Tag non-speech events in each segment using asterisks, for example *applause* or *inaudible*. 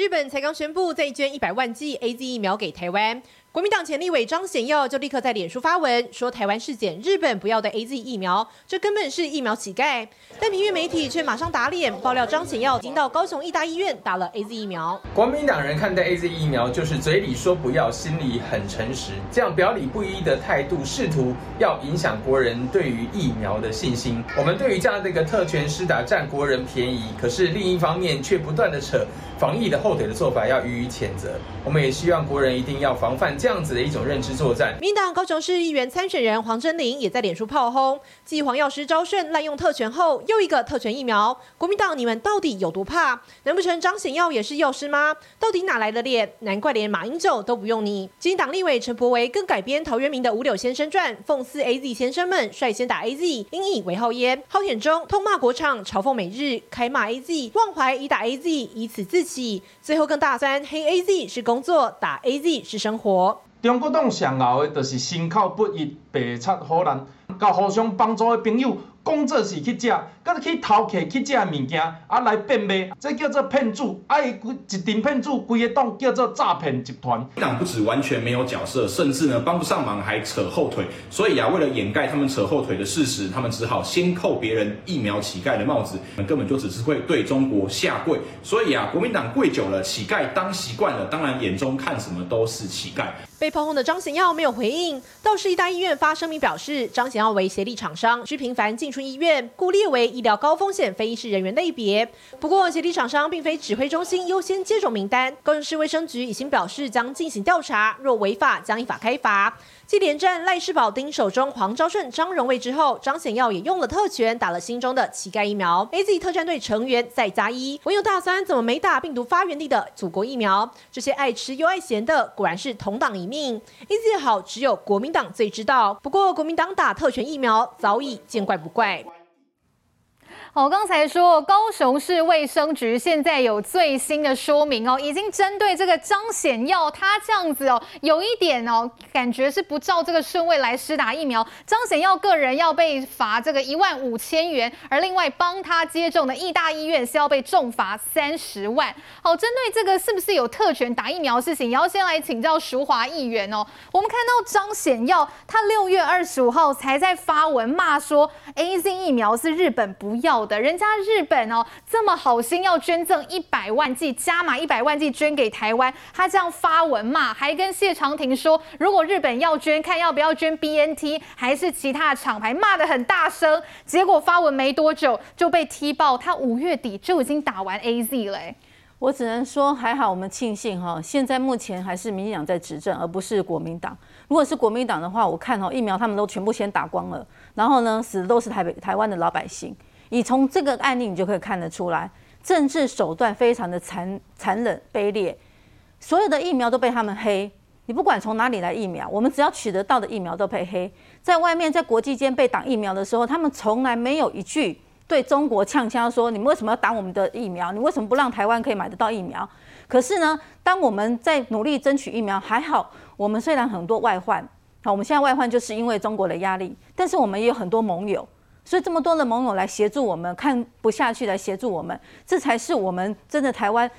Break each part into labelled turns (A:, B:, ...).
A: 日本才剛宣布再捐一百萬劑 AZ 疫苗給台灣。國民黨前立委張顯耀就立刻在臉書發文說：“台灣是撿日本不要的 AZ 疫苗，這根本是疫苗乞丐。”但平面媒體卻馬上打臉，爆料張顯耀已經到高雄義大醫院打了 AZ 疫苗。
B: 國民黨人看待 AZ 疫苗，就是嘴裡說不要，心裡很誠實，這樣表裡不一的態度，試圖要影響國人對於疫苗的信心。我們對於這樣的一個特權施打、佔國人便宜，可是另一方面卻不斷的扯防疫的後腿的做法，要予以譴責。我們也希望國人一定要防範。這樣子的一種認知作戰，
A: 民黨高雄市議員參選人黃真靈也在臉書炮轟，繼黃藥師昭順濫用特權後，又一個特權疫苗，國民黨你們到底有多怕？難不成張顯耀也是藥師嗎？到底哪來的臉？難怪連馬英九都不用你。基進黨立委陳柏惟更改編陶淵明的五柳先生傳，諷刺 AZ 先生們率先打 AZ，因以為號焉，好舔中痛罵國唱，嘲諷美日，開罵 AZ，忘懷以打 AZ，以此自起。最後更大三，黑 AZ 是工作，打 AZ 是生活。
C: 中國黨上後，誒，就是心口不一、白吃好人，甲互相幫助誒朋友。工作時去吃，擱去偷客去吃物件，啊來變賣，這叫做騙子，啊一一騙子，規個黨叫做詐騙集團。國民黨不止完全沒有角色，甚至呢幫不上忙還扯後腿，所以啊為了掩蓋他們扯後腿的事實，他們只好先扣別人疫苗乞丐的帽子，們根本就只是會對中國下跪，所以啊國民黨跪久了，乞丐當習慣了，當然眼中看什麼都是乞丐。
A: 被炮轟的張顯耀沒有回應，倒是義大醫院發聲明表示，張顯耀為協力廠商，需頻繁進出。醫院故列為醫療高風險非醫事人員類別。不過，協力廠商並非指揮中心優先接種名單。高雄市衛生局已經表示將進行調查，若違法將依法開罰。繼連戰賴士葆丁守中黃昭順張榮衛之後，張顯耀也用了特權打了心中的乞丐疫苗。A Z 特戰隊成員再加一，我有大三怎麼沒打病毒發源地的祖國疫苗？這些愛吃又愛鹹的果然是同黨一命。A Z 好，只有國民黨最知道。不過國民黨打特權疫苗早已見怪不怪。
D: 好，剛才說高雄市衛生局現在有最新的說明哦，已經針對這個張顯耀，他這樣子哦，有一點哦，感覺是不照這個順位來施打疫苗。張顯耀個人要被罰這個一萬五千元，而另外幫他接種的義大醫院是要被重罰三十萬。好，針對這個是不是有特權打疫苗事情，也要先來請教淑華議員哦。我們看到張顯耀，他六月二十五號才在發文罵說，AZ 疫苗是日本不要的。人家日本哦，這麼好心要捐贈一百萬劑，加碼一百萬劑捐給台灣。他這樣發文罵，還跟謝長廷說，如果日本要捐，看要不要捐 BNT 還是其他的廠牌，罵得很大聲。結果發文沒多久就被踢爆，他五月底就已經打完 AZ 了。
E: 我只能說還好，我們慶幸哈、哦，現在目前還是民進黨在執政，而不是國民黨。如果是國民黨的話，我看哦，疫苗他們都全部先打光了，然後呢，死的都是台北、台灣的老百姓。你從這個案例，你就可以看得出來，政治手段非常的殘殘忍、卑劣。所有的疫苗都被他們黑，你不管從哪裡來疫苗，我們只要取得到的疫苗都被黑。在外面在國際間被擋疫苗的時候，他們從來沒有一句對中國嗆嗆說：“你們為什麼要擋我們的疫苗？你為什麼不讓台灣可以買得到疫苗？”可是呢，當我們在努力爭取疫苗，還好我們雖然很多外患，好，我們現在外患就是因為中國的壓力，但是我們也有很多盟友。所以這麼多的盟友來協助我們，看不下去來協助我們，這才是我們真的台灣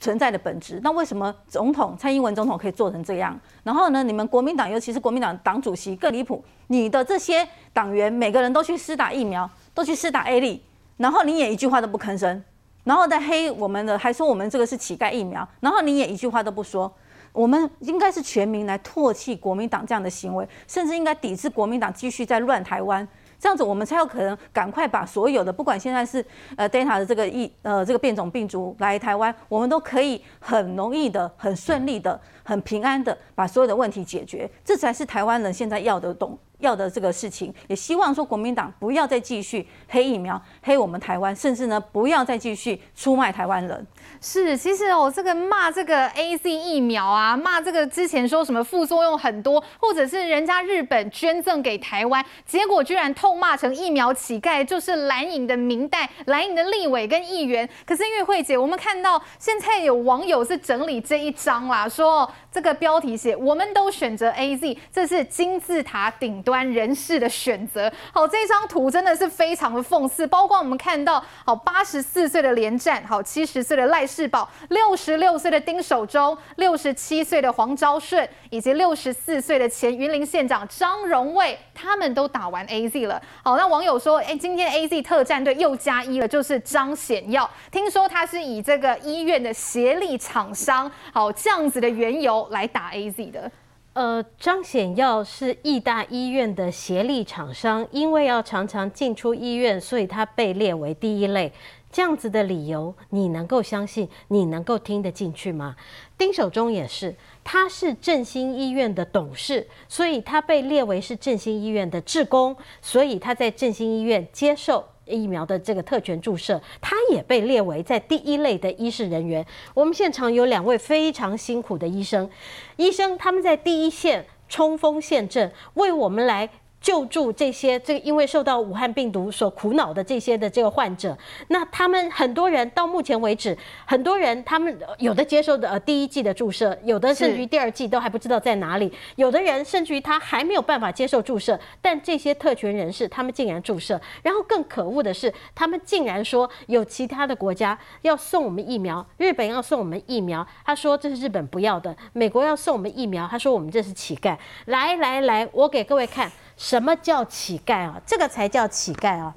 E: 存在的本質。那為什麼總統蔡英文總統可以做成這樣？然後呢，你們國民黨，尤其是國民黨黨主席更離譜，你的這些黨員每個人都去施打疫苗，都去施打 AZ，然後你也一句話都不吭聲，然後再黑我們的，還說我們這個是乞丐疫苗，然後你也一句話都不說。我們應該是全民來唾棄國民黨這樣的行為，甚至應該抵制國民黨繼續在亂台灣。這樣子，我們才有可能趕快把所有的，不管現在是呃 data 的這個疫呃這個變種病毒來台灣，我們都可以很容易的、很順利的、很平安的把所有的問題解決。這才是台灣人現在要的懂要的這個事情。也希望說國民黨不要再繼續黑疫苗、黑我們台灣，甚至呢不要再繼續出賣台灣人。
D: 是，其實哦，這個罵這個 A Z 疫苗啊，罵這個之前說什麼副作用很多，或者是人家日本捐贈給台灣，結果居然痛罵成疫苗乞丐，就是藍營的民代、藍營的立委跟議員。可是育卉姐，我們看到現在有網友是整理這一張啦，說、哦、這個標題寫我們都選擇 A Z，這是金字塔頂端人士的選擇。好，這張圖真的是非常的諷刺，包括我們看到好八十四歲的連戰，好七十歲的賴、蔡世寶，六十六歲的丁守中，六十七歲的黃昭順，以及六十四歲的前雲林縣長張榮衛，他們都打完 AZ 了。好，那網友說，誒，今天 AZ 特戰隊又加一了，就是張顯耀。聽說他是以這個醫院的協力廠商，好這樣子的緣由來打 AZ 的。
F: 呃，張顯耀是義大醫院的協力廠商，因為要常常進出醫院，所以他被列為第一類。這樣子的理由，你能夠相信？你能夠聽得進去嗎？丁守中也是，他是振興醫院的董事，所以他被列為是振興醫院的志工，所以他在振興醫院接受疫苗的這個特權注射，他也被列為在第一類的醫事人員。我們現場有兩位非常辛苦的醫生，醫生他們在第一線衝鋒陷陣，為我們來。救助這些這個因為受到武漢病毒所苦惱的這些的這個患者，那他們很多人到目前為止，很多人他們有的接受的呃第一劑的注射，有的甚至於第二劑都還不知道在哪裡，有的人甚至於他還沒有辦法接受注射，但這些特權人士他們竟然注射，然後更可惡的是，他們竟然說有其他的國家要送我們疫苗，日本要送我們疫苗，他說這是日本不要的，美國要送我們疫苗，他說我們這是乞丐，來來來，我給各位看。什麼叫乞丐啊？這個才叫乞丐啊！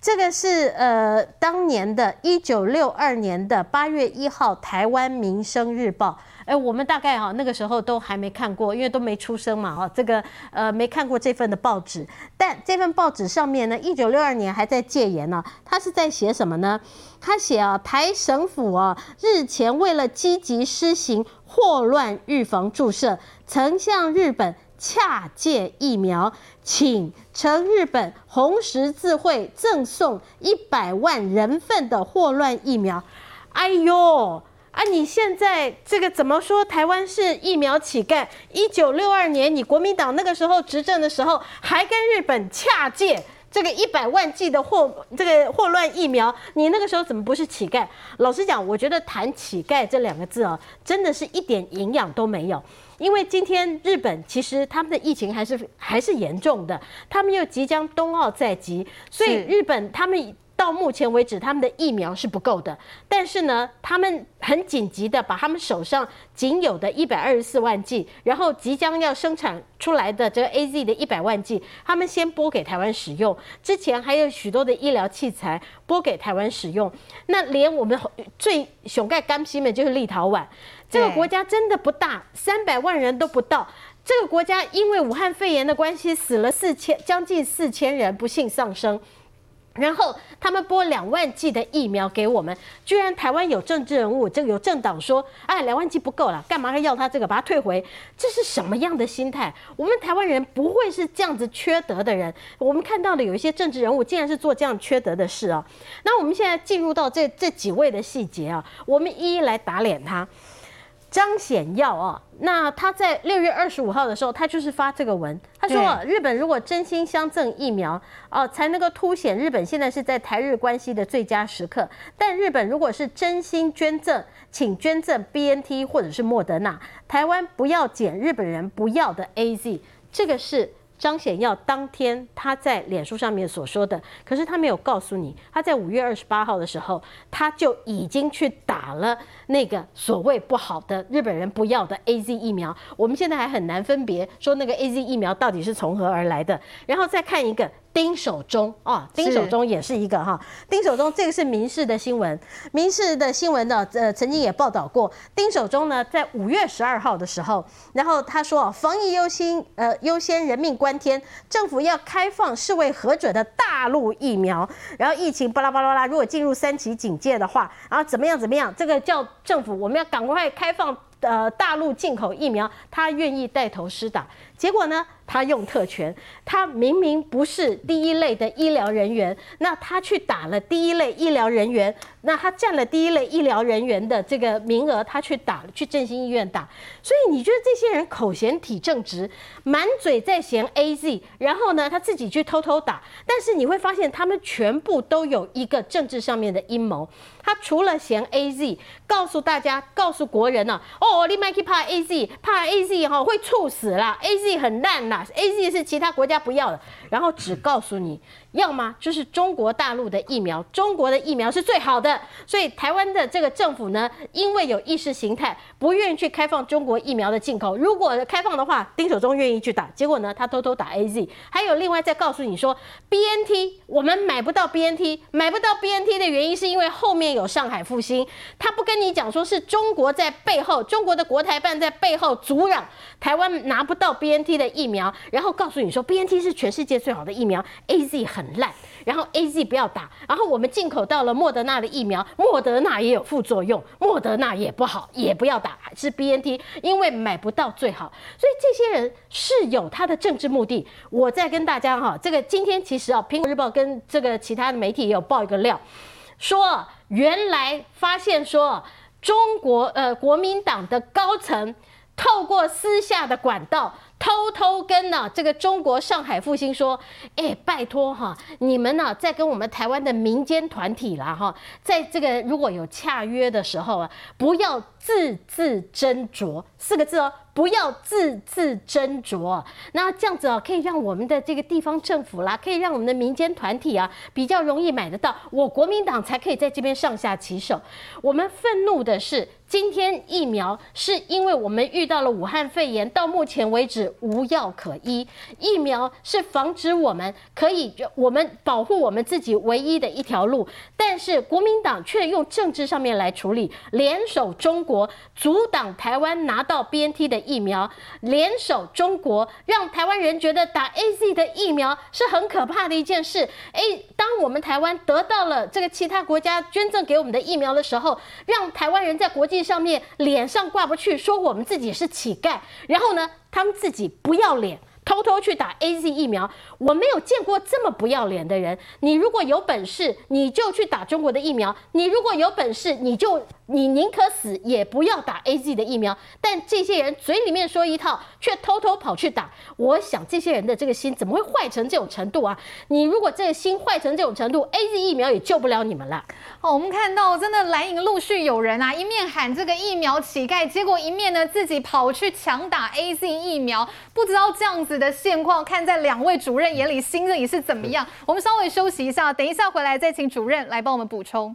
F: 這個是呃，當年的1962年的8月1號《台灣民生日報》。誒，我們大概哈、啊，那個時候都還沒看過，因為都沒出生嘛、啊，哦，這個呃，沒看過這份的報紙。但這份報紙上面呢，1962年還在戒嚴呢、啊。他是在寫什麼呢？他寫啊，台省府啊，日前為了積極施行霍亂預防注射，曾向日本。恰借疫苗，請成日本紅十字會贈送一百萬人份的霍亂疫苗。哎呦，啊！你現在這個怎麼說？台灣是疫苗乞丐。一九六二年，你國民黨那個時候執政的時候，還跟日本恰借這個一百萬劑的霍這個霍亂疫苗，你那個時候怎麼不是乞丐？老實講，我覺得談乞丐這兩個字哦、啊，真的是一點營養都沒有。因為今天日本其實他們的疫情還是還是嚴重的，他們又即將東奧在即，所以日本他們到目前為止他們的疫苗是不夠的，但是呢，他們很緊急的把他們手上僅有的一百二十四萬劑，然後即將要生產出來的這個 AZ 的一百萬劑，他們先撥給台灣使用，之前還有許多的醫療器材撥給台灣使用，那連我們最熊蓋干西們就是立陶宛。這個國家真的不大，三百萬人都不到。這個國家因為武漢肺炎的關係，死了四千將近四千人，不幸喪生。然後他們撥兩萬劑的疫苗給我們，居然台灣有政治人物，這個有政黨說，哎，兩萬劑不夠了，幹嘛還要他這個，把它退回？這是什麼樣的心態？我們台灣人不會是這樣子缺德的人。我們看到的有一些政治人物，竟然是做這樣缺德的事啊！那我們現在進入到這這幾位的細節啊，我們一一來打臉他。張顯耀啊，那他在六月二十五號的時候，他就是發這個文，他說、啊、日本如果真心相贈疫苗哦、呃，才能夠凸顯日本現在是在台日關係的最佳時刻。但日本如果是真心捐贈，請捐贈 B N T 或者是莫德納，台灣不要撿日本人不要的 A Z，這個是。張顯耀當天他在臉書上面所說的，可是他沒有告訴你，他在五月二十八號的時候，他就已經去打了那個所謂不好的日本人不要的 AZ 疫苗。我們現在還很難分別說那個 AZ 疫苗到底是從何而來的。然後再看一個。丁守中啊，丁守中也是一個哈、啊，丁守中這個是民事的新聞，民事的新聞呢，呃，曾經也報道過丁守中呢，在五月十二號的時候，然後他說，防疫優先，呃，優先人命關天，政府要開放世衛核准的大陸疫苗，然後疫情巴拉巴拉拉，如果進入三級警戒的話，然、啊、後怎麼樣怎麼樣，這個叫政府，我們要趕快開放呃大陸進口疫苗，他願意帶頭施打。結果呢，他用特權，他明明不是第一類的醫療人員，那他去打了第一類醫療人員，那他占了第一類醫療人員的這個名額，他去打，去振興醫院打。所以你覺得這些人口嫌體正直，滿嘴在嫌 AZ，然後呢他自己去偷偷打，但是你會發現他們全部都有一個政治上面的陰謀。他除了嫌 AZ，告訴大家，告訴國人呢、啊，哦，你麥去怕 AZ，怕 AZ 哈會猝死啦 AZ。很爛啦，A Z 是其他國家不要的，然後只告訴你，要麼就是中國大陸的疫苗，中國的疫苗是最好的。所以台灣的這個政府呢，因為有意識形態，不願意去開放中國疫苗的進口。如果開放的話，丁守中願意去打，結果呢，他偷偷打 A Z。還有另外再告訴你說，B N T 我們買不到 B N T，買不到 B N T 的原因是因為後面有上海復星，他不跟你講說是中國在背後，中國的國台辦在背後阻撓台灣拿不到 B N T。B N T 的疫苗，然後告訴你說 B N T 是全世界最好的疫苗，A Z 很爛，然後 A Z 不要打，然後我們進口到了莫德納的疫苗，莫德納也有副作用，莫德納也不好，也不要打，是 B N T，因為買不到最好，所以這些人是有他的政治目的。我再跟大家哈、啊，這個今天其實啊，《蘋果日報》跟這個其他的媒體也有爆一個料，說、啊、原來發現說、啊、中國呃國民黨的高層。透過私下的管道，偷偷跟呢、啊、這個中國上海復星說：“哎、欸，拜託哈、啊，你們呢、啊、在跟我們台灣的民間團體啦哈，在這個如果有洽約的時候啊，不要。”字字斟酌四個字哦，不要字字斟酌。那這樣子哦、啊，可以讓我們的這個地方政府啦，可以讓我們的民間團體啊，比較容易買得到。我國民黨才可以在這邊上下其手。我們憤怒的是，今天疫苗是因為我們遇到了武漢肺炎，到目前為止無藥可醫。疫苗是防止我們可以，我們保護我們自己唯一的一條路。但是國民黨卻用政治上面來處理，聯手中國。阻擋台灣拿到 BNT 的疫苗，聯手中國，讓台灣人覺得打 AZ 的疫苗是很可怕的一件事。誒、欸，當我們台灣得到了這個其他國家捐贈給我們的疫苗的時候，讓台灣人在國際上面臉上掛不去，說我們自己是乞丐，然後呢，他們自己不要臉。偷偷去打 AZ 疫苗，我沒有見過這麼不要臉的人。你如果有本事，你就去打中國的疫苗；你如果有本事，你就你寧可死也不要打 AZ 的疫苗。但這些人嘴裡面說一套，卻偷偷跑去打。我想這些人的這個心怎麼會壞成這種程度啊？你如果這個心
D: 壞成這種程度，AZ 疫苗也救不了你們了。好，我們看到真的藍營陸續有人啊，一面喊這個疫苗乞丐，結果一面呢自己跑去搶打 AZ 疫苗，不知道這樣子。的現況，看在兩位主任眼裡，心裡也是怎麼樣？我們稍微休息一下，等一下回來再請主任來幫我們補充。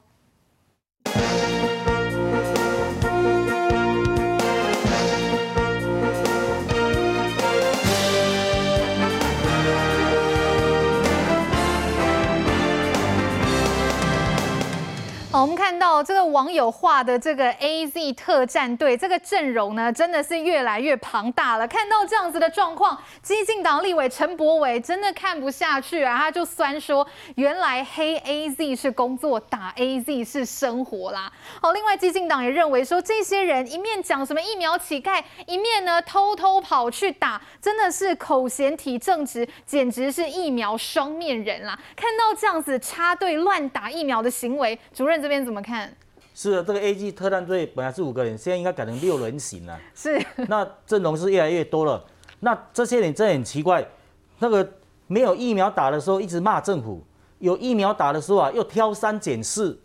D: 好，我們看到這個網友畫的這個 AZ 特戰隊，這個陣容呢，真的是越來越龐大了。看到這樣子的狀況，基進黨立委陳柏惟真的看不下去啊，他就酸說：“原來黑 AZ 是工作，打 AZ 是生活啦。”好，另外基進黨也認為說，這些人一面講什麼疫苗乞丐，一面呢偷偷跑去打，真的是口嫌體正直，簡直是疫苗雙面人啦。看到這樣子插隊亂打疫苗的行為，主任。這邊怎麼看？
B: 是啊，這個 AZ 特戰隊本來是五個人，現在應該改成六人行了。 *laughs* 是，那陣容是越來越多了。那這些人真的很奇怪，那個沒有疫苗打的時候一直罵政府，有疫苗打的時候啊又挑三揀四，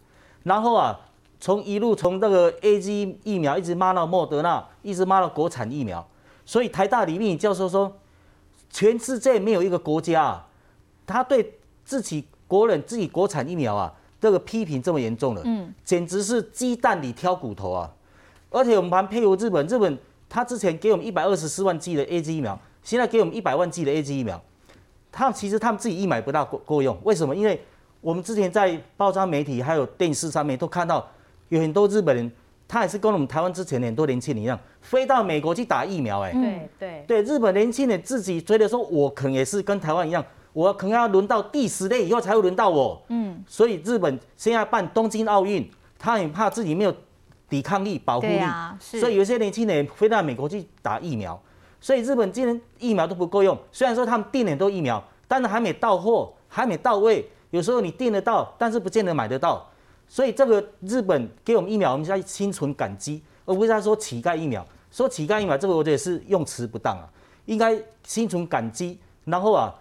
B: 然後啊從一路從這個 AZ 疫苗一直罵到莫德納，一直罵到國產疫苗。所以台大裡面教授說，全世界沒有一個國家啊，，他對自己國人自己國產疫苗啊。這個批評這麼嚴重了，嗯，簡直是雞蛋裡挑骨頭啊！而且我們還配合日本，日本他之前給我們一百二十四萬劑的 AZ 疫苗，現在給我們一百萬劑的 AZ 疫苗，他們其實他們自己疫苗不大夠用，為什麼？因為我們之前在報章媒體還有電視上面都看到有很多日本人，他也是跟我們台灣之前的很多年輕人一樣，飛到美國去打疫苗，哎，對對對，日本年輕人自己覺得說我可能也是跟台灣一樣。我可能要輪到第十類以後才會輪到我，嗯，所以日本現在辦東京奧運，他很怕自己沒有抵抗力、保護力，所以有些年輕人飛到美國去打疫苗。所以日本今年疫苗都不夠用，雖然說他們訂很多疫苗，但是還沒到貨，還沒到位。有時候你訂得到，但是不見得買得到。所以這個日本給我們疫苗，我們在心存感激，而不是說乞丐疫苗。說乞丐疫苗，這個我覺得是用詞不當啊，應該心存感激，然後啊。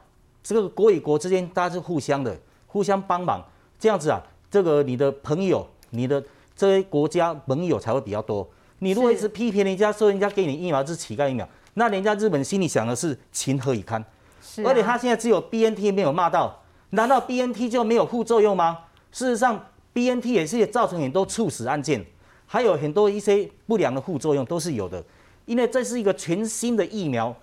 B: 這個國與國之間，大家是互相的，互相幫忙，這樣子啊，這個你的朋友，你的這些國家盟友才會比較多。你如果一直批評人家說人家給你疫苗是乞丐疫苗，那人家日本心裡想的是情何以堪？啊、而且他現在只有 B N T 沒有罵到，難道 B N T 就沒有副作用嗎？事實上，B N T 也是造成很多猝死案件，還有很多一些不良的副作用都是有的，因為這是一個全新的疫苗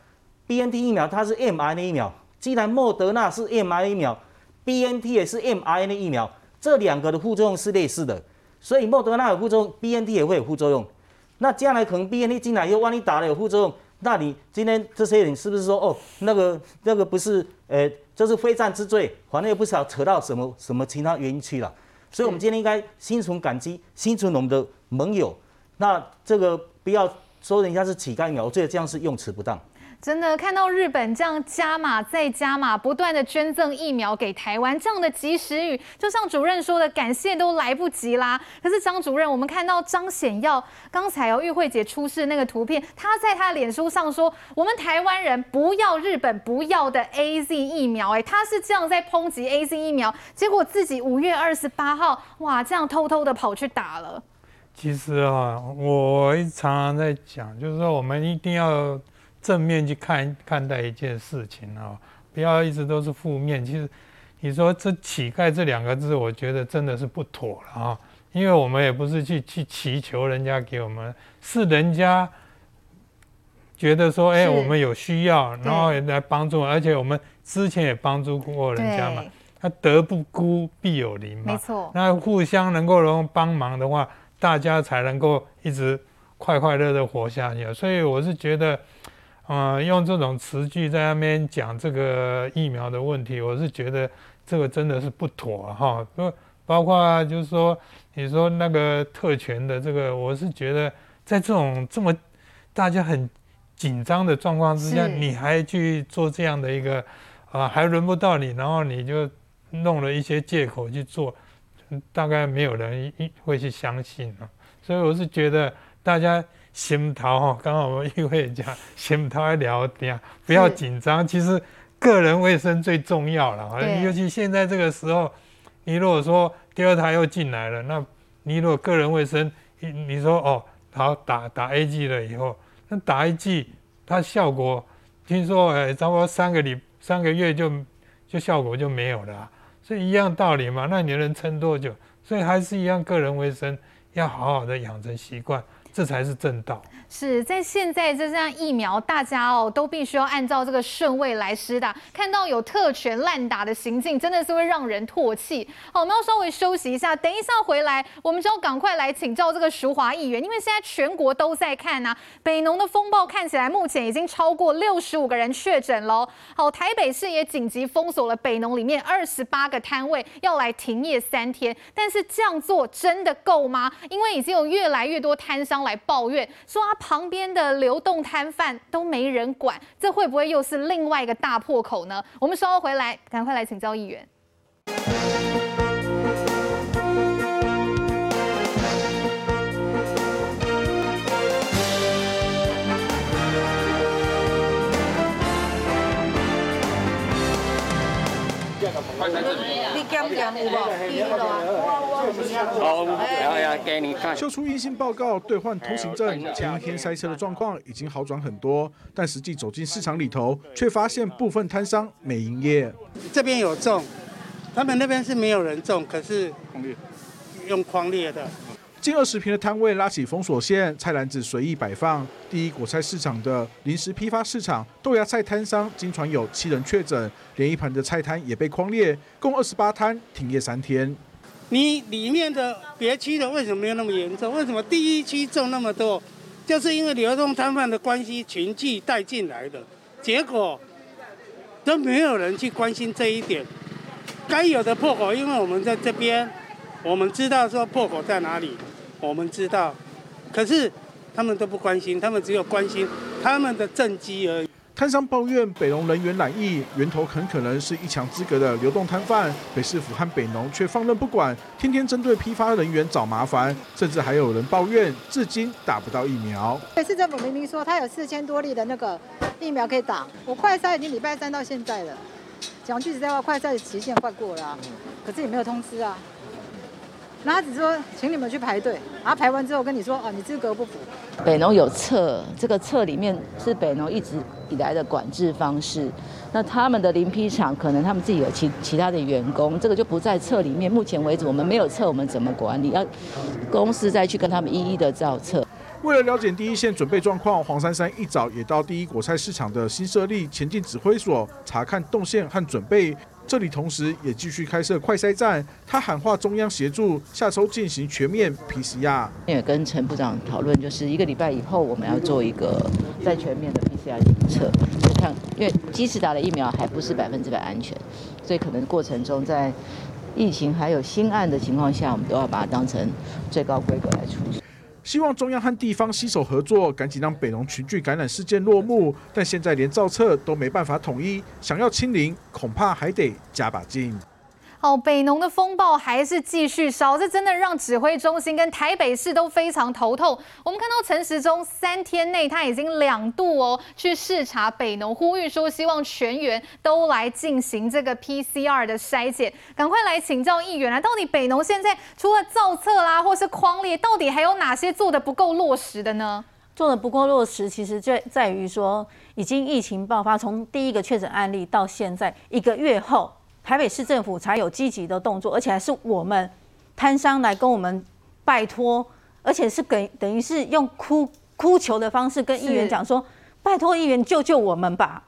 B: ，B N T 疫苗它是 m R N A 疫苗。既然莫德納是 mRNA 疫苗，BNT 也是 mRNA 疫苗，這兩個的副作用是類似的，所以莫德納有副作用，BNT 也會有副作用。那將來可能 BNT 進來又萬一打了有副作用，那你今天這些人是不是說哦，那個那個不是，呃、欸，這、就是非戰之罪，反正又不少扯到什麼什麼其他原因去了。所以，我們今天應該心存感激，心存我們的盟友。那這個不要說人家是乞丐苗，我覺得這樣是用詞不當。
D: 真的看到日本這樣加碼再加碼，不斷的捐贈疫苗給台灣，這樣的及時雨，就像主任說的，感謝都來不及啦。可是張主任，我們看到張顯耀剛才哦，玉慧姐出示的那個圖片，他在他的臉書上說，我們台灣人不要日本不要的 AZ 疫苗欸，哎，他是這樣在抨擊 AZ 疫苗，結果自己五月二十八號，哇，這樣偷偷的跑去打了。
G: 其實啊，我一直常常在講，就是說我們一定要。正面去看看待一件事情哦，不要一直都是負面。其實，你說這乞丐這兩個字，我覺得真的是不妥了啊、哦，因為我們也不是去去祈求人家給我們，是人家覺得說，哎，我們有需要，然後也來幫助，而且我們之前也幫助過人家嘛。他德不孤，必有鄰嘛。沒錯。那互相能夠能幫忙的話，大家才能夠一直快快樂樂活下去。所以我是覺得。嗯，用這種詞句在那邊講這個疫苗的問題，我是覺得這個真的是不妥哈、啊。不包括就是說，你說那個特權的這個，我是覺得在這種這麼大家很緊張的狀況之下，你還去做這樣的一個啊，還輪不到你，然後你就弄了一些借口去做，大概沒有人會去相信啊。所以我是覺得大家。心桃哈，剛好我們一會講仙桃聊天，不要緊張。其實個人衛生最重要了，尤其現在這個時候，你如果說第二胎又進來了，那你如果個人衛生，你,你說哦好打打 AZ 了以後，那打 AZ 它效果，聽說哎、欸、差不多三個禮三個月就就效果就沒有了，所以一樣道理嘛，那你能撐多久？所以還是一樣個人衛生要好好的養成習慣。這才是正道。
D: 是在現在就這張疫苗，大家哦都必須要按照這個順位來施打。看到有特權濫打的行徑，真的是會讓人唾棄。好，我們要稍微休息一下，等一下回來，我們就要趕快來請教這個淑華議員，因為現在全國都在看啊，北農的風暴看起來目前已經超過六十五個人確診了。好，台北市也緊急封鎖了北農裡面二十八個攤位，要來停業三天。但是這樣做真的夠嗎？因為已經有越來越多攤商。來抱怨說他旁邊的流動攤販都沒人管，這會不會又是另外一個大破口呢？我們稍後回來，趕快來請教議員。
B: 哦、給
C: 你看。秀出陰性報告，兌換通行證。前一天塞車的狀況已經好轉很多，但實際走進市場裡頭，却發現部分攤商沒營業。
G: 這邊有種，他們那邊是沒有人種，可是用匡列的。近二十坪的攤位拉起
C: 封鎖線，菜籃子隨意擺放。第一果菜市場的臨時批發市場豆芽菜攤商，驚傳有七人確診，連一旁的菜攤也被匡列，共二十八攤停業三天。
G: 你裡面的別區的為什麼沒有那麼嚴重？為什麼第一區中那麼多？就是因為流動攤販的關係，群聚帶進來的，結果都沒有人去關心這一點。該有的破口，因為我們在這邊，我們知道說破口在哪裡，我們知道，可是他們都不關心，他們只有關心他們的政績而已。攤商
C: 抱怨北農人員染疫源頭很可能是一牆之隔的流動攤販，北市府和北農卻放任不管，天天針對批發人員找麻煩，甚至還有人抱怨至今打不到疫苗。
D: 北市政府明明說他有四千多例的那個疫苗可以打，我快篩已經禮拜三到現在了，講句實在話，快篩的期限快過了啊，可是也沒有通知啊。那然他只說，請你們去排隊。然後排完之後跟你說，啊，你資格不符。
E: 北農有冊，這個冊裡面是北農一直以來的管制方式。那他們的零批商可能他們自己有其其他的員工，這個就不在冊裡面。目前為止我們沒有冊，我們怎麼管理？要公司再去跟他們一一的
C: 造冊。為了了解第一線準備狀況，黃珊珊一早也到第一果菜市場的新設立前進指揮所，查看動線和準備。這裡同時也繼續開設快篩站，他喊話中央協助下周進行全面 PCR。也跟陳部
E: 長討論，就是一個禮拜以後我們要做一個再全面的 PCR 檢測，就看因為即使打了疫苗，還不是百分之百安全，所以可能過程中在疫情還有新案的情況下，我們都要把它當成最高規格來處置。
C: 希望中央和地方攜手合作，趕緊讓北農群聚感染事件落幕。但現在連造冊都沒辦法統一，想要清零，恐怕還得加把勁。
D: 哦，北農的風暴還是繼續燒，這真的讓指揮中心跟台北市都非常頭痛。我們看到陳時中三天內他已經兩度哦去視察北農，呼籲說希望全員都來進行這個 PCR 的篩檢，趕快來請教議員、啊，來到底北農現在除了造冊啦、啊、或是匡列，到底還有哪些做得不夠落實的呢？做得不夠落實，其實就在於說，已經疫情爆
E: 發，從第一個確診案例到現在一個月後。台北市政府才有積極的動作，而且還是我們攤商來跟我們拜託，而且是等等於是用哭哭求的方式跟議員講說：拜託議員救救我們吧。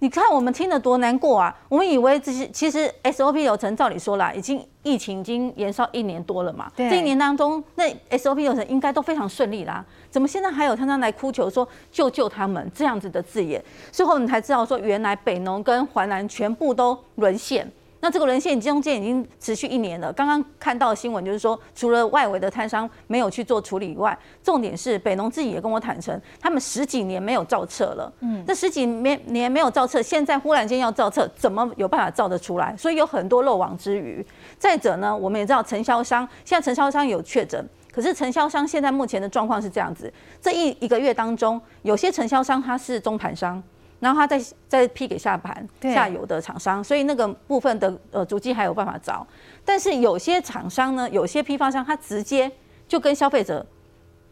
E: 你看我們聽得多難過啊！我們以為這些其實 SOP 流程照理說啦，已經疫情已經延燒一年多了嘛。這一年當中，那 SOP 流程應該都非常順利啦，怎麼現在還有常常來哭求說救救他們這樣子的字眼？最後你才知道說，原來北農跟環南全部都淪陷。那這個淪陷，中間已經持續一年了。剛剛看到的新聞，就是說，除了外圍的攤商沒有去做處理以外，重點是北農自己也跟我坦承，他們十幾年沒有造冊了。嗯，這十幾年年沒有造冊，現在忽然間要造冊，怎麼有辦法造得出來？所以有很多漏網之魚。再者呢，我們也知道承銷商，現在承銷商有確診，可是承銷商現在目前的狀況是這樣子：這一一個月當中，有些承銷商他是中盤商。然後他再再批給下盤下游的廠商，啊，所以那個部分的呃足跡，還有辦法找，但是有些廠商呢，有些批發商他直接就跟消費者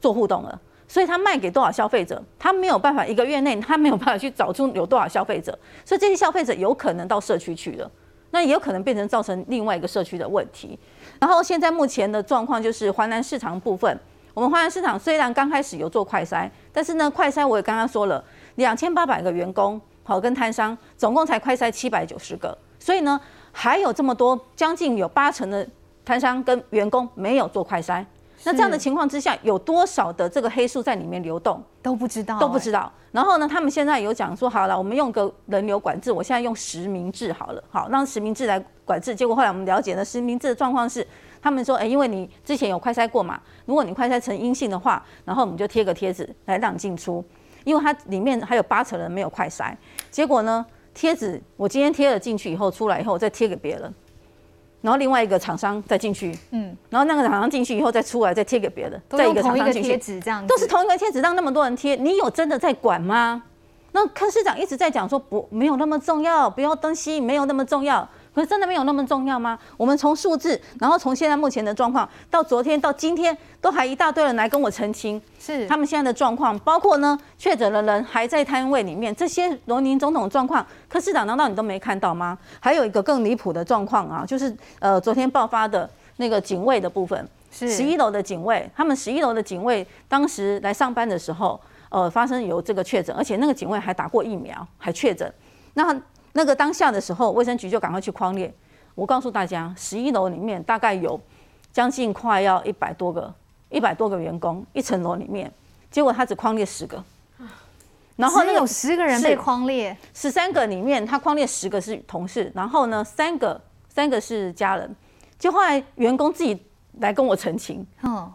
E: 做互動了，所以他賣給多少消費者，他沒有辦法一個月內，他沒有辦法去找出有多少消費者，所以這些消費者有可能到社區去了，那也有可能變成造成另外一個社區的問題。然後現在目前的狀況就是環南市場部分，我們環南市場雖然剛開始有做快篩，但是呢，快篩我也剛剛說了。兩千八百個員工跑跟攤商，總共才快篩七百九十個，所以呢，還有這麼多，將近有八成的攤商跟員工沒有做快篩。那這樣的情況之下，有多少的這個黑數在裡面流動
D: 都不知道、欸，都不
E: 知道。然後呢，他們現在有講說，好了，我們用個人流管制，我現在用實名制好了，好，讓實名制來管制。結果後來我們了解呢，實名制的狀況是，他們說，哎、欸，因為你之前有快篩過嘛，如果你快篩成陰性的話，然後我們就貼個貼紙來讓進出。因為它裡面還有八成人沒有快篩，結果呢，貼紙我今天貼了進去以後，出來以後再貼給別人，然後另外一個廠商再進去，
D: 嗯，
E: 然後那個廠商進去以後再出來再貼給別人，都是同一個貼紙這樣，都是同一個貼紙讓那麼多人貼，你有真的在管嗎？那柯市長一直在講說不，沒有那麼重要，不要擔心，沒有那麼重要。可是真的沒有那麼重要嗎？我們從數字，然後從現在目前的狀況，到昨天到今天，都還一大堆人來跟我澄清，是他們現在的狀況，包括呢確診的人還在攤位裡面，這些林林總總的狀況，柯市長難道你都沒看到嗎？還有一個更離譜的狀況啊，就是呃昨天爆發的那個警衛的部分，是十一樓的警衛，他們十一樓的警衛當時來上班的時候，呃發生有這個確診，而且那個警衛還打過疫苗，還確診，那。那個當下的時候，衛生局就趕快去匡列。我告訴大家，十一樓裡面大概有將近快要一百多個，一百多個員工，一層樓裡面，結果他只匡列十個，
D: 然後那種十個人被匡列，
E: 十三個裡面他匡列十個是同事，然後呢三個三個是家人，就後來員工自己來跟我澄清，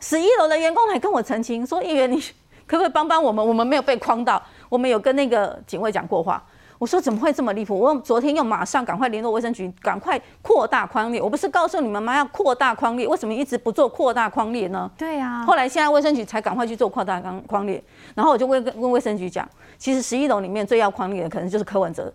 E: 十一樓的員工來跟我澄清說，議員，你可不可以幫幫我們？我們沒有被匡到，我們有跟那個警衛講過話。我說，怎麼會這麼離譜？我昨天又馬上趕快聯絡衛生局，趕快擴大框列。我不是告訴你們嗎？媽媽要擴大框列，為什麼一直不做擴大框列呢？對啊。後來現在衛生局才趕快去做擴大框框列，然後我就問問衛生局講，其實十一樓裡面最要框列的可能就是柯文哲，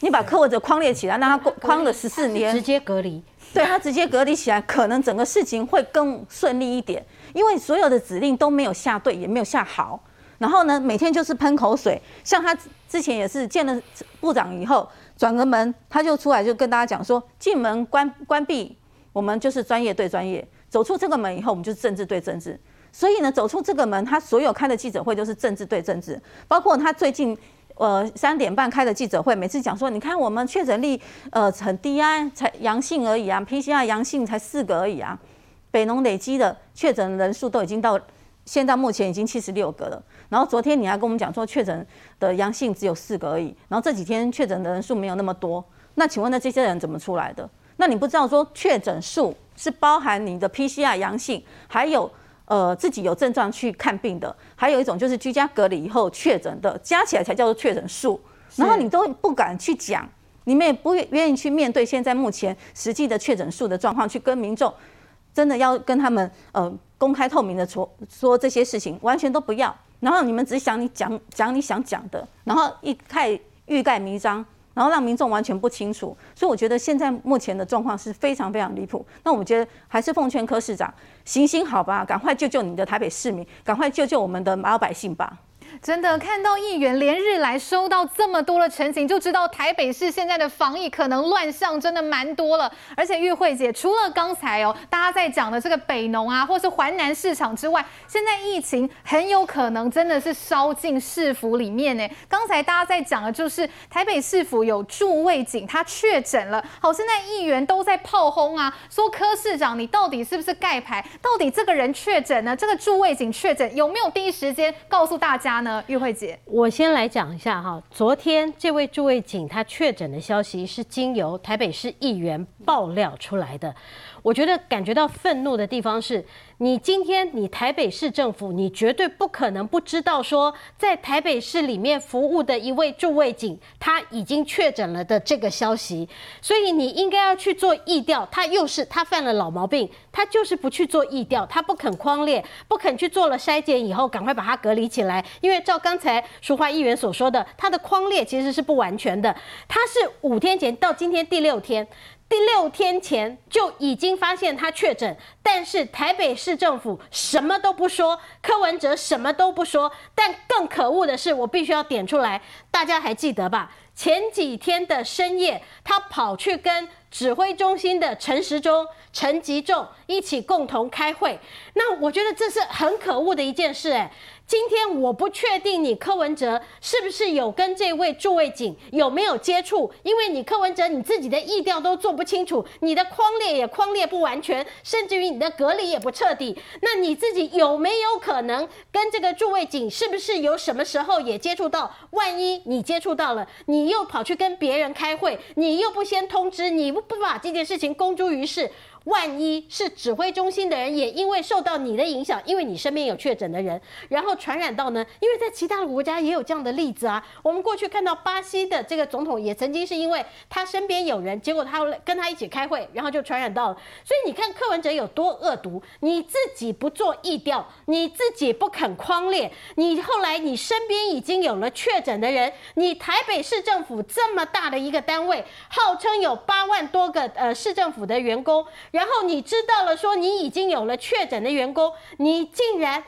E: 你把柯文哲框列起來，讓他框了十四年，離直接隔離，對他直接隔離起來，可能整個事情會更順利一點，因為所有的指令都沒有下對，也沒有下好。然後呢，每天就是噴口水。像他之前也是見了部長以後轉個門，他就出來就跟大家講說：進門關關閉，我們就是專業對專業；走出這個門以後，我們就是政治對政治。所以呢，走出這個門，他所有開的記者會都是政治對政治。包括他最近呃三點半開的記者會，每次講說：你看我們確診率呃很低啊，才陽性而已啊，PCR 陽性才四個而已啊。北農累積的確診的人數都已經到現在目前已經七十六個了。然後昨天你還跟我們講說確診的陽性只有四個而已，然後這幾天確診的人數沒有那麼多，那請問那這些人怎麼出來的？那你不知道說確診數是包含你的 PCR 陽性，還有呃自己有症狀去看病的，還有一種就是居家隔離以後確診的，加起來才叫做確診數。然後你都不敢去講，你們也不願意去面對現在目前實際的確診數的狀況，去跟民眾真的要跟他們呃公開透明的說說這些事情，完全都不要。然後你們只想你講講你想講的，然後一概欲蓋彌彰，然後讓民眾完全不清楚。所以我覺得現在目前的狀況是非常非常離譜。那我覺得還是奉勸柯市長，行行好吧，趕快救救你的台北市民，趕快救救我們的老百姓吧。
D: 真的看到議員連日來收到這麼多的陳情，就知道台北市現在的防疫可能亂象真的蠻多了。而且育卉姐除了剛才哦，大家在講的這個北農啊，或是環南市場之外，現在疫情很有可能真的是燒進市府裡面呢。剛才大家在講的就是台北市府有駐衛警，他確診了。好，現在議員都在炮轟啊，說柯市長你到底是不是蓋牌？到底這個人確診呢，這個駐衛警確診有沒有第一時間告訴大家呢？育卉姐，我先來講一下哈，昨天這位駐
F: 衛警他確診的消息是經由台北市議員爆料出來的。我覺得感覺到憤怒的地方是，你今天你台北市政府，你絕對不可能不知道說，在台北市裡面服務的一位駐衛警，他已經確診了的這個消息，所以你應該要去做疫調。他又是他犯了老毛病，他就是不去做疫調，他不肯匡列，不肯去做了篩檢以後，趕快把它隔離起來。因為照剛才淑華議員所說的，他的匡列其實是不完全的，他是五天前到今天第六天。第六天前就已經發現他確診，但是台北市政府什麼都不說，柯文哲什麼都不說。但更可惡的是，我必須要點出來，大家還記得吧？前幾天的深夜，他跑去跟指揮中心的陳時中、陳吉仲一起共同開會。那我覺得這是很可惡的一件事，欸，誒。今天我不確定你柯文哲是不是有跟這位諸位錦有沒有接觸，因為你柯文哲你自己的疫調都做不清楚，你的匡列也匡列不完全，甚至於你的隔離也不徹底。那你自己有沒有可能跟這個諸位錦是不是有什麼時候也接觸到？萬一你接觸到了，你又跑去跟別人開會，你又不先通知，你不把這件事情公諸於世。萬一是指揮中心的人，也因為受到你的影響，因為你身邊有確診的人，然後傳染到呢？因為在其他的國家也有這樣的例子啊。我們過去看到巴西的這個總統，也曾經是因為他身邊有人，結果他跟他一起開會，然後就傳染到了。所以你看柯文哲有多惡毒！你自己不做疫調，你自己不肯匡列，你後來你身邊已經有了確診的人，你台北市政府這麼大的一個單位，號稱有八萬多個呃市政府的員工。然後你知道了，說你已經有了確診的員工，你竟然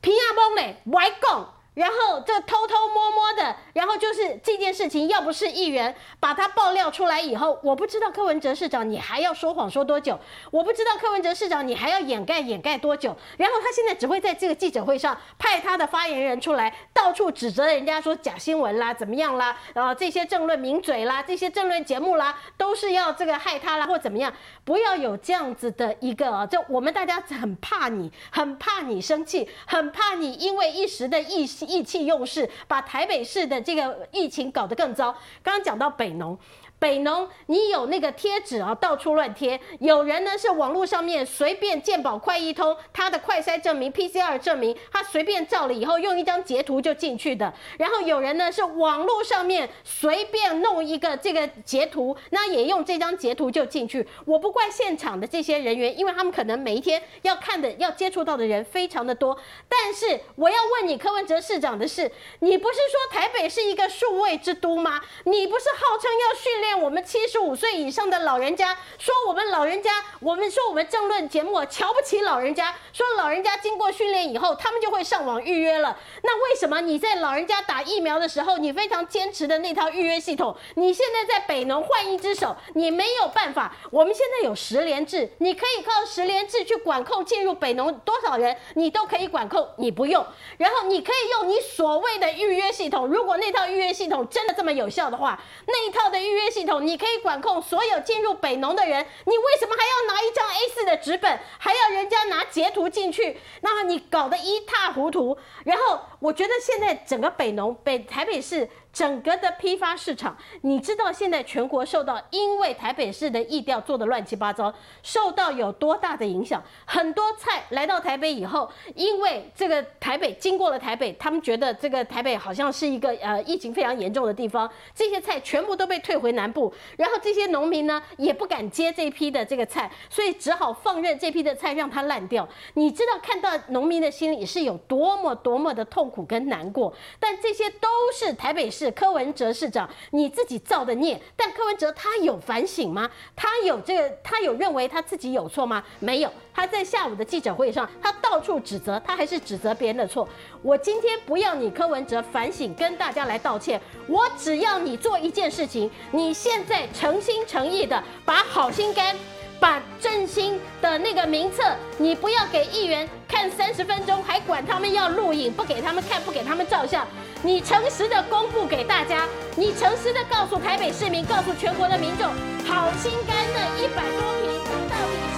F: 平安無事，外供。 *noise* 然後就偷偷摸摸的，然後就是這件事情，要不是議員把他爆料出來以後，我不知道柯文哲市長你還要說謊說多久，我不知道柯文哲市長你還要掩蓋掩蓋多久。然後他現在只會在這個記者會上派他的發言人出來，到處指責人家說假新聞啦，怎麼樣啦，然後這些政論名嘴啦，這些政論節目啦，都是要這個害他啦，或怎麼樣，不要有這樣子的一個，啊，就我們大家很怕你，很怕你生氣，很怕你因為一時的意氣意氣用事，把台北市的這個疫情搞得更糟。剛剛講到北農。北農，你有那個貼紙啊，到處亂貼。有人呢是網絡上面隨便健保快易通，他的快篩證明、PCR 證明，他隨便照了以後，用一張截圖就進去的。然後有人呢是網絡上面隨便弄一個這個截圖，那也用這張截圖就進去。我不怪現場的這些人員，因為他們可能每一天要看的、要接觸到的人非常的多。但是我要問你柯文哲市長的是，你不是說台北是一個數位之都嗎？你不是號稱要訓練？我們七十五歲以上的老人家說，我們老人家，我們說我們政論節目瞧不起老人家，說老人家經過訓練以後，他們就會上網預約了。那為什麼你在老人家打疫苗的時候，你非常堅持的那套預約系統，你現在在北農換一隻手，你沒有辦法。我們現在有實聯制，你可以靠實聯制去管控進入北農多少人，你都可以管控，你不用。然後你可以用你所謂的預約系統，如果那套預約系統真的這麼有效的話，那一套的預約。系統，你可以管控所有進入北農的人，你為什麼還要拿一張 A4 的紙本，還要人家拿截圖進去？那麼你搞得一塌糊塗。然後我覺得現在整個北農北台北市。整個的批發市場，你知道現在全國受到因為台北市的疫調做的亂七八糟，受到有多大的影響？很多菜來到台北以後，因為這個台北經過了台北，他們覺得這個台北好像是一個呃疫情非常嚴重的地方，這些菜全部都被退回南部，然後這些農民呢，也不敢接這批的這個菜，所以只好放任這批的菜讓它爛掉。你知道看到農民的心裡是有多麼多麼的痛苦跟難過，但這些都是台北市。柯文哲市長，你自己造的孽。但柯文哲他有反省嗎？他有這個，他有認為他自己有錯嗎？沒有。他在下午的記者會上，他到處指責，他還是指責別人的錯。我今天不要你柯文哲反省，跟大家來道歉。我只要你做一件事情，你現在誠心誠意的把好心肝。把振興的那個名冊，你不要給議員看三十分鐘，還管他們要錄影，不給他們看，不給他們照相，你誠實的公布給大家，你誠實的告
B: 訴台北市民，告訴全國的民眾，好心肝的一百多瓶到底。